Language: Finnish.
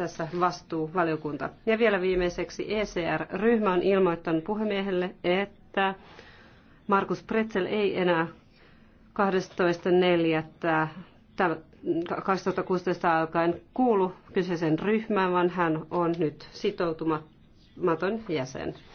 tässä vastuuvaliokunta. Ja vielä viimeiseksi ECR-ryhmä on ilmoittanut puhemiehelle, että Markus Pretzel ei enää 12.4.2016 alkaen kuulu kyseisen ryhmään, vaan hän on nyt sitoutumaton jäsen.